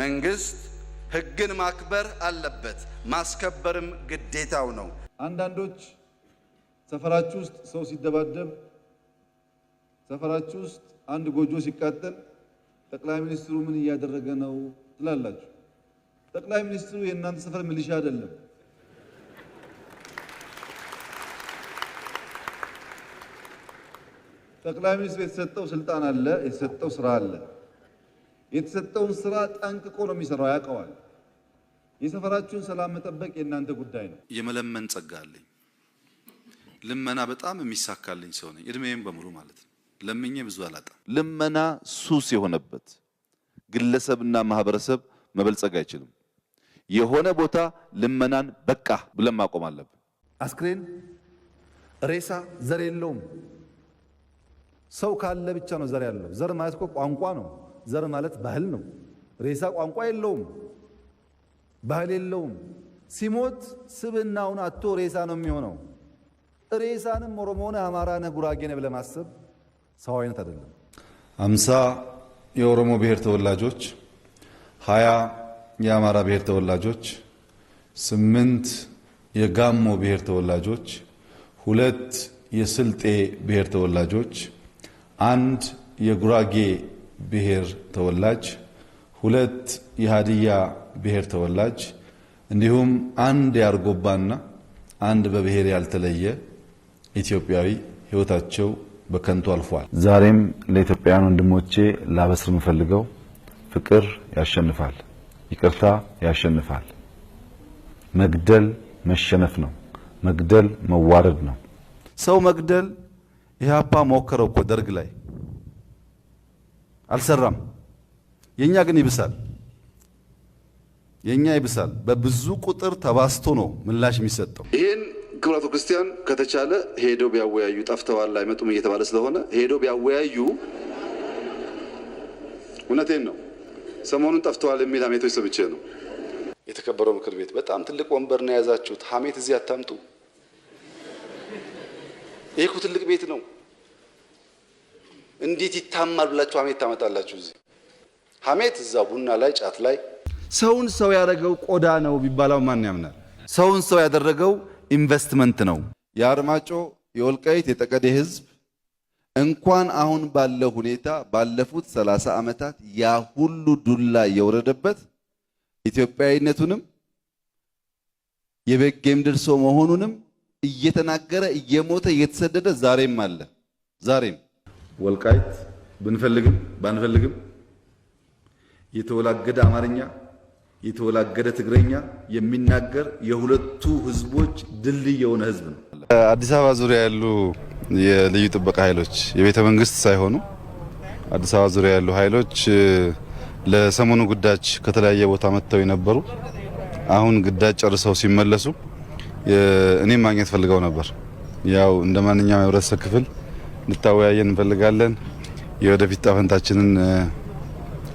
መንግስት ህግን ማክበር አለበት፣ ማስከበርም ግዴታው ነው። አንዳንዶች ሰፈራችሁ ውስጥ ሰው ሲደባደብ፣ ሰፈራችሁ ውስጥ አንድ ጎጆ ሲቃጠል ጠቅላይ ሚኒስትሩ ምን እያደረገ ነው ትላላችሁ። ጠቅላይ ሚኒስትሩ የእናንተ ሰፈር ሚሊሻ አይደለም። ጠቅላይ ሚኒስትሩ የተሰጠው ስልጣን አለ፣ የተሰጠው ስራ አለ። የተሰጠውን ስራ ጠንቅቆ ነው የሚሰራው፣ ያውቀዋል። የሰፈራችሁን ሰላም መጠበቅ የእናንተ ጉዳይ ነው። የመለመን ጸጋ አለኝ። ልመና በጣም የሚሳካልኝ ሰው ነኝ፣ እድሜም በሙሉ ማለት ነው። ለምኜ ብዙ አላጣም። ልመና ሱስ የሆነበት ግለሰብና ማህበረሰብ መበልጸግ አይችልም። የሆነ ቦታ ልመናን በቃ ብለን ማቆም አለብን። አስክሬን ሬሳ ዘር የለውም። ሰው ካለ ብቻ ነው ዘር ያለው። ዘር ማለት እኮ ቋንቋ ነው። ዘር ማለት ባህል ነው። ሬሳ ቋንቋ የለውም፣ ባህል የለውም። ሲሞት ስብናውን አቶ ሬሳ ነው የሚሆነው። ሬሳንም ኦሮሞነ፣ አማራነ፣ ጉራጌነ ብለህ ማሰብ ሰው አይነት አይደለም። አምሳ የኦሮሞ ብሔር ተወላጆች፣ ሀያ የአማራ ብሔር ተወላጆች፣ ስምንት የጋሞ ብሔር ተወላጆች፣ ሁለት የስልጤ ብሔር ተወላጆች፣ አንድ የጉራጌ ብሔር ተወላጅ፣ ሁለት የሃዲያ ብሔር ተወላጅ እንዲሁም አንድ ያርጎባና አንድ በብሔር ያልተለየ ኢትዮጵያዊ ህይወታቸው በከንቱ አልፏል። ዛሬም ለኢትዮጵያውያን ወንድሞቼ ላበስር የምፈልገው ፍቅር ያሸንፋል፣ ይቅርታ ያሸንፋል። መግደል መሸነፍ ነው። መግደል መዋረድ ነው። ሰው መግደል ኢህአፓ ሞከረው እኮ ደርግ ላይ አልሰራም። የኛ ግን ይብሳል፣ የኛ ይብሳል። በብዙ ቁጥር ተባስቶ ነው ምላሽ የሚሰጠው። ይህን ክብራቱ ክርስቲያን ከተቻለ ሄዶ ቢያወያዩ፣ ጠፍተዋል አይመጡም እየተባለ ስለሆነ ሄዶ ቢያወያዩ፣ እውነቴን ነው። ሰሞኑን ጠፍተዋል የሚል ሀሜቶች ሰምቼ ነው። የተከበረው ምክር ቤት በጣም ትልቅ ወንበር ነው የያዛችሁት። ሀሜት እዚህ አታምጡ። ይህ እኮ ትልቅ ቤት ነው። እንዴት ይታማል ብላችሁ ሀሜት ታመጣላችሁ። እዚህ ሀሜት እዛ ቡና ላይ ጫት ላይ ሰውን ሰው ያደረገው ቆዳ ነው ቢባላው ማን ያምናል? ሰውን ሰው ያደረገው ኢንቨስትመንት ነው። የአርማጮ የወልቃይት የጠቀዴ ህዝብ እንኳን አሁን ባለው ሁኔታ ባለፉት ሰላሳ ዓመታት ያ ሁሉ ዱላ የወረደበት ኢትዮጵያዊነቱንም የበጌም ድርሶ መሆኑንም እየተናገረ እየሞተ እየተሰደደ ዛሬም አለ ዛሬም ወልቃይት ብንፈልግም ባንፈልግም የተወላገደ አማርኛ የተወላገደ ትግረኛ የሚናገር የሁለቱ ህዝቦች ድልድይ የሆነ ህዝብ ነው። አዲስ አበባ ዙሪያ ያሉ የልዩ ጥበቃ ኃይሎች የቤተ መንግስት ሳይሆኑ አዲስ አበባ ዙሪያ ያሉ ኃይሎች ለሰሞኑ ግዳጅ ከተለያየ ቦታ መጥተው የነበሩ አሁን ግዳጅ ጨርሰው ሲመለሱ እኔም ማግኘት ፈልገው ነበር። ያው እንደ ማንኛውም የህብረተሰብ ክፍል እንድታወያየን እንፈልጋለን፣ የወደፊት ጣፈንታችንን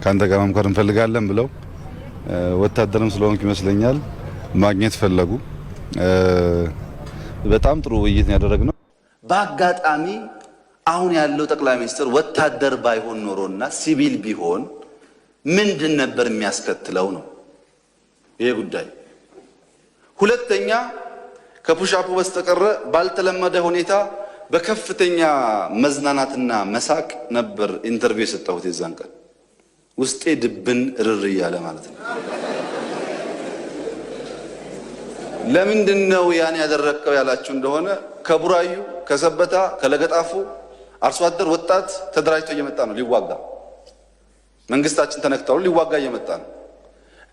ከአንተ ጋር መምከር እንፈልጋለን ብለው ወታደርም ስለሆንክ ይመስለኛል ማግኘት ፈለጉ። በጣም ጥሩ ውይይት ያደረግ ነው። በአጋጣሚ አሁን ያለው ጠቅላይ ሚኒስትር ወታደር ባይሆን ኖሮና ሲቪል ቢሆን ምንድን ነበር የሚያስከትለው ነው ይሄ ጉዳይ። ሁለተኛ ከፑሻፑ በስተቀረ ባልተለመደ ሁኔታ በከፍተኛ መዝናናትና መሳቅ ነበር ኢንተርቪው የሰጠሁት። የዛን ቀን ውስጤ ድብን እርር እያለ ማለት ነው። ለምንድን ነው ያን ያደረግከው ያላችሁ እንደሆነ ከቡራዩ ከሰበታ ከለገጣፉ አርሶ አደር ወጣት ተደራጅቶ እየመጣ ነው ሊዋጋ። መንግስታችን ተነክቷል፣ ሊዋጋ እየመጣ ነው።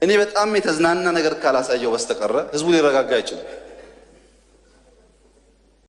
እኔ በጣም የተዝናና ነገር ካላሳየው በስተቀረ ህዝቡ ሊረጋጋ አይችልም።